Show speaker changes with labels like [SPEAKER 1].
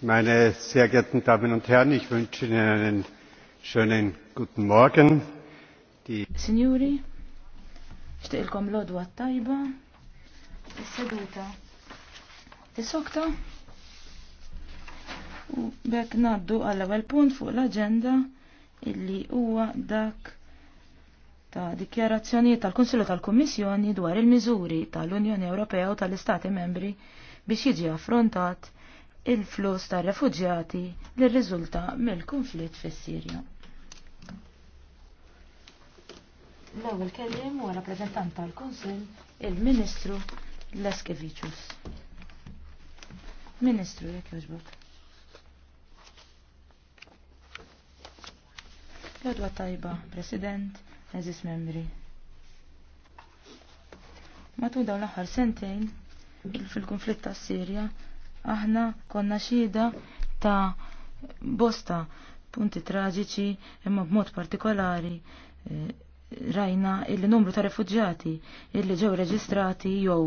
[SPEAKER 1] Meine sehr geehrten Damen und Herren, ich wünsche Ihnen einen schönen guten Morgen. Die Signori,
[SPEAKER 2] xtiqilkom lodwa odwa tajba, s-seduta, t-sokta, u bek naddu għall-ewwel punt fuq l-agenda illi huwa dak ta' dikjarazzjonijiet tal konsilu tal-Kummissjoni dwar il-miżuri tal-Unjoni Ewropea u tal-Istati Membri biex jiġi affrontat il-flus ta' refugjati li rriżulta mill-konflitt fis sirja L-ewwel kellim huwa rappreżentant tal-Kunsill il-Ministru Leskevicius. Ministru jekk jogħġbok. Jodwa tajba, President, eżis membri. Matul dawn l-aħħar sentejn fil-konflitt tas-Sirja Aħna konna xhieda ta' bosta punti traġiċi imma b'mod partikolari eh, rajna il-numru ta' refuġjati illi ġew reġistrati jew